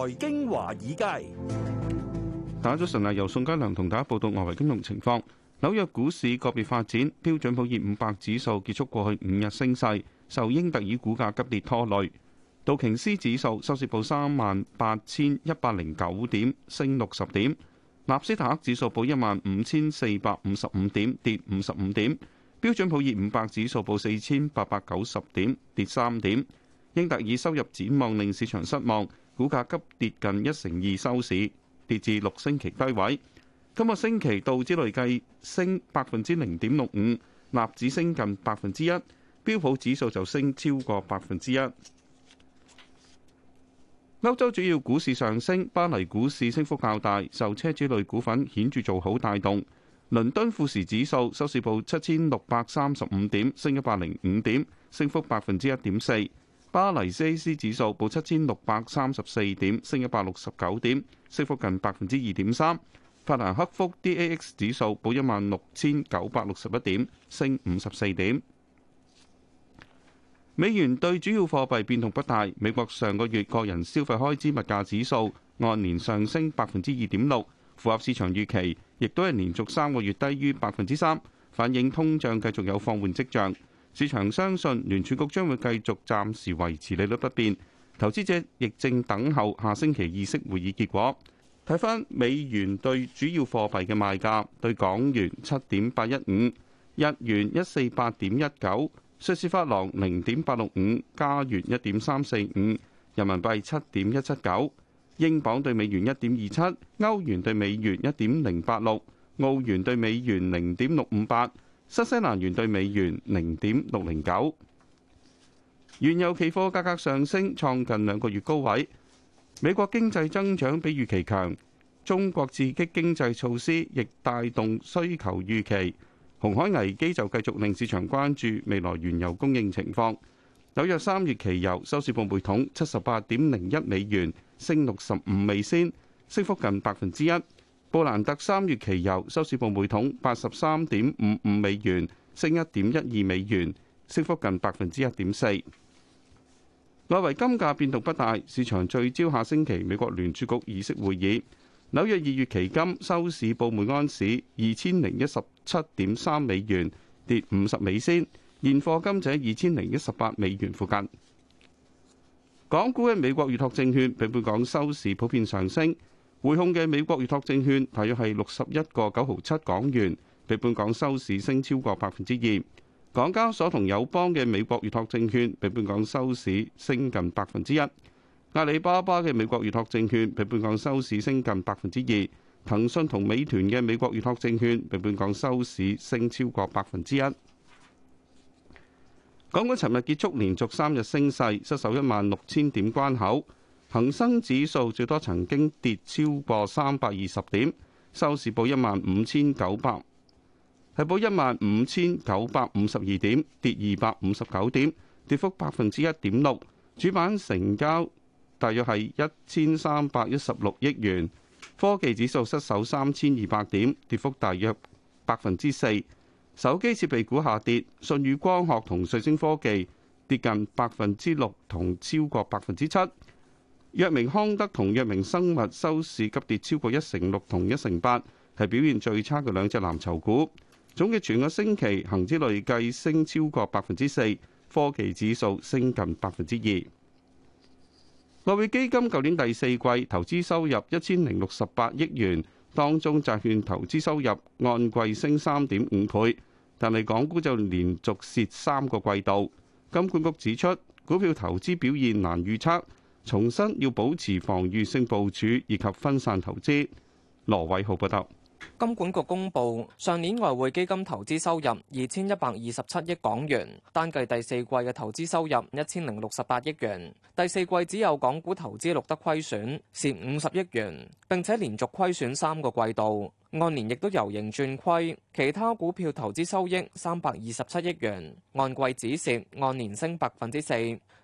財經華爾街，大家早晨啊，由宋佳良同大家報道外圍金融情況。紐約股市個別發展，標準普爾五百指數結束過去五日升勢，受英特爾股價急跌拖累。道瓊斯指數收市報三萬八千一百零九點，升六十點。納斯達克指數報一萬五千四百五十五點，跌五十五點。標準普爾五百指數報四千八百九十點，跌三點。英特爾收入展望令市場失望。股價急跌近一成二收市，跌至六星期低位。今個星期到之累計升百分之零點六五，納指升近百分之一，標普指數就升超過百分之一。歐洲主要股市上升，巴黎股市升幅較大，受奢侈類股份顯著做好帶動。倫敦富時指數收市報七千六百三十五點，升一百零五點，升幅百分之一點四。巴黎 CAC 指數報七千六百三十四點，升一百六十九點，升幅近百分之二點三。法蘭克福 DAX 指數報一萬六千九百六十一點，升五十四點。美元對主要貨幣變動不大。美國上個月個人消費開支物價指數按年上升百分之二點六，符合市場預期，亦都係連續三個月低於百分之三，反映通脹繼續有放緩跡象。市場相信聯儲局將會繼續暫時維持利率不變，投資者亦正等候下星期議息會議結果。睇返美元對主要貨幣嘅賣價：對港元七點八一五，日元一四八點一九，瑞士法郎零點八六五，加元一點三四五，人民幣七點一七九，英鎊對美元一點二七，歐元對美元一點零八六，澳元對美元零點六五八。新西蘭元對美元零點六零九，原油期貨價格上升，創近兩個月高位。美國經濟增長比預期強，中國刺激經濟措施亦帶動需求預期。紅海危機就繼續令市場關注未來原油供應情況。紐約三月期油收市報每桶七十八點零一美元升美升，升六十五美仙，升幅近百分之一。布蘭特三月期油收市報每桶八十三點五五美元，升一點一二美元，升幅近百分之一點四。外圍金價變動不大，市場聚焦下星期美國聯儲局議息會議。紐約二月期金收市報每安士二千零一十七點三美元，跌五十美仙，現貨金則二千零一十八美元附近。港股嘅美國預託證券，比本港收市普遍上升。匯控嘅美國預託證券大約係六十一個九毫七港元，比本港收市升超過百分之二。港交所同友邦嘅美國預託證券比本港收市升近百分之一。阿里巴巴嘅美國預託證券比本港收市升近百分之二。騰訊同美團嘅美國預託證券比本港收市升超過百分之一。港股尋日結束連續三日升勢，失守一萬六千點關口。恒生指數最多曾經跌超過三百二十點，收市報一萬五千九百，係報一萬五千九百五十二點，跌二百五十九點，跌幅百分之一點六。主板成交大約係一千三百一十六億元。科技指數失守三千二百點，跌幅大約百分之四。手機設備股下跌，舜宇光學同瑞聲科技跌近百分之六，同超過百分之七。藥明康德同藥明生物收市急跌超過一成六同一成八，係表現最差嘅兩隻藍籌股。總結全個星期恒指累計升超過百分之四，科技指數升近百分之二。外匯基金舊年第四季投資收入一千零六十八億元，當中債券投資收入按季升三點五倍，但係港股就連續蝕三個季度。金管局指出，股票投資表現難預測。重新要保持防禦性部署以及分散投資。羅偉豪報道。金管局公布上年外匯基金投資收入二千一百二十七億港元，單計第四季嘅投資收入一千零六十八億元。第四季只有港股投資錄得虧損，蝕五十億元，並且連續虧損三個季度。按年亦都由盈轉虧，其他股票投資收益三百二十七億元，按季止蝕，按年升百分之四。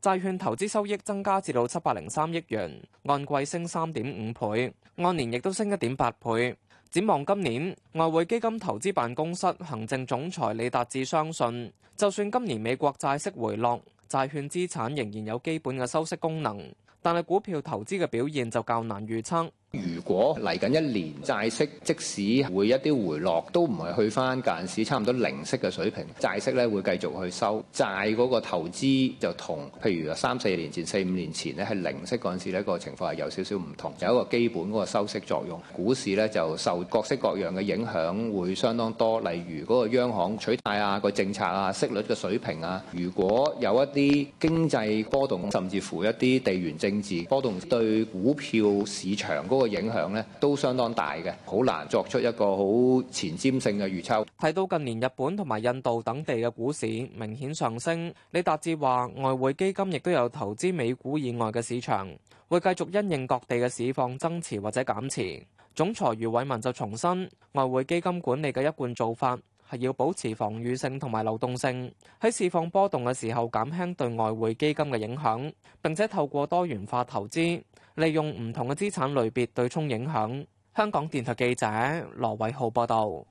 債券投資收益增加至到七百零三億元，按季升三點五倍，按年亦都升一點八倍。展望今年，外匯基金投資辦公室行政總裁李達志相信，就算今年美國債息回落，債券資產仍然有基本嘅收息功能，但係股票投資嘅表現就較難預測。如果嚟緊一年債息即使會一啲回落，都唔係去翻嗰陣時差唔多零息嘅水平，債息咧會繼續去收。債嗰個投資就同，譬如三四年前，四五年前呢係零息嗰陣時呢，嗰個情況係有少少唔同，有一個基本嗰個收息作用。股市呢就受各式各樣嘅影響，會相當多。例如嗰個央行取貸啊、嗰個政策啊、息率嘅水平啊，如果有一啲經濟波動，甚至乎一啲地緣政治波動，對股票市場嗰個個影響呢都相當大嘅，好難作出一個好前瞻性嘅預測。睇到近年日本同埋印度等地嘅股市明顯上升，李達志話：外匯基金亦都有投資美股以外嘅市場，會繼續因應各地嘅市況增持或者減持。總裁余偉文就重申，外匯基金管理嘅一貫做法。係要保持防禦性同埋流動性，喺市況波動嘅時候減輕對外匯基金嘅影響，並且透過多元化投資，利用唔同嘅資產類別對沖影響。香港電台記者羅偉浩報道。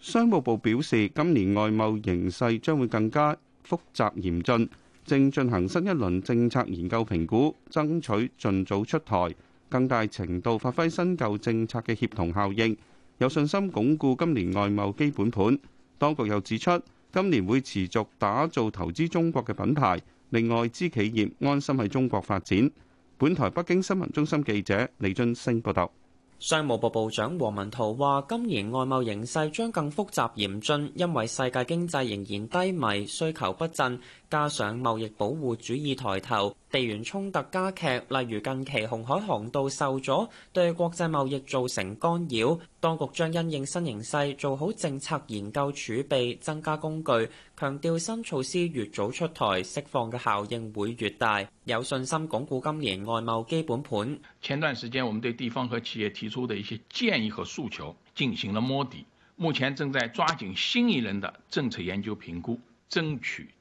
商務部表示，今年外貿形勢將會更加複雜嚴峻，正進行新一輪政策研究評估，爭取盡早出台，更大程度發揮新舊政策嘅協同效應。有信心鞏固今年外貿基本盤，當局又指出今年會持續打造投資中國嘅品牌，令外資企業安心喺中國發展。本台北京新聞中心記者李津升報道。商務部部長王文濤話，今年外貿形勢將更複雜嚴峻，因為世界經濟仍然低迷，需求不振。加上貿易保護主義抬頭，地緣衝突加劇，例如近期紅海航道受阻，對國際貿易造成干擾。當局將因應新形勢，做好政策研究儲備，增加工具，強調新措施越早出台，釋放嘅效應會越大。有信心鞏固今年外貿基本盤。前段時間，我們對地方和企業提出的一些建議和訴求進行了摸底，目前正在抓緊新一輪的政策研究評估，爭取，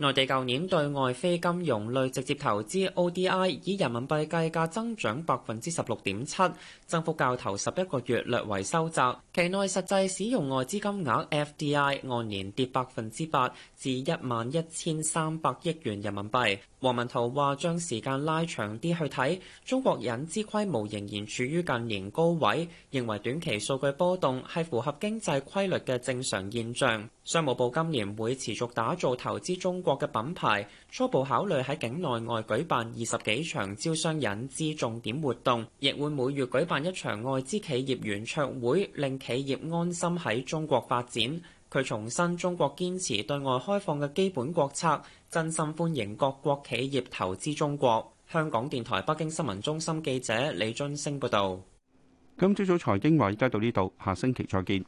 內地舊年對外非金融類直接投資 （ODI） 以人民幣計價增長百分之十六點七，增幅較頭十一個月略為收窄。期內實際使用外資金額 （FDI） 按年跌百分之八，至一萬一千三百億元人民幣。王文濤話將時間拉長啲去睇，中國引資規模仍然處於近年高位，認為短期數據波動係符合經濟規律嘅正常現象。商務部今年會持續打造投資中國嘅品牌，初步考慮喺境內外舉辦二十幾場招商引資重點活動，亦會每月舉辦一場外資企業圓桌會，令企業安心喺中國發展。佢重申中國堅持對外開放嘅基本國策，真心歡迎各國企業投資中國。香港電台北京新聞中心記者李津星報道。今朝早財經華爾街到呢度，下星期再見。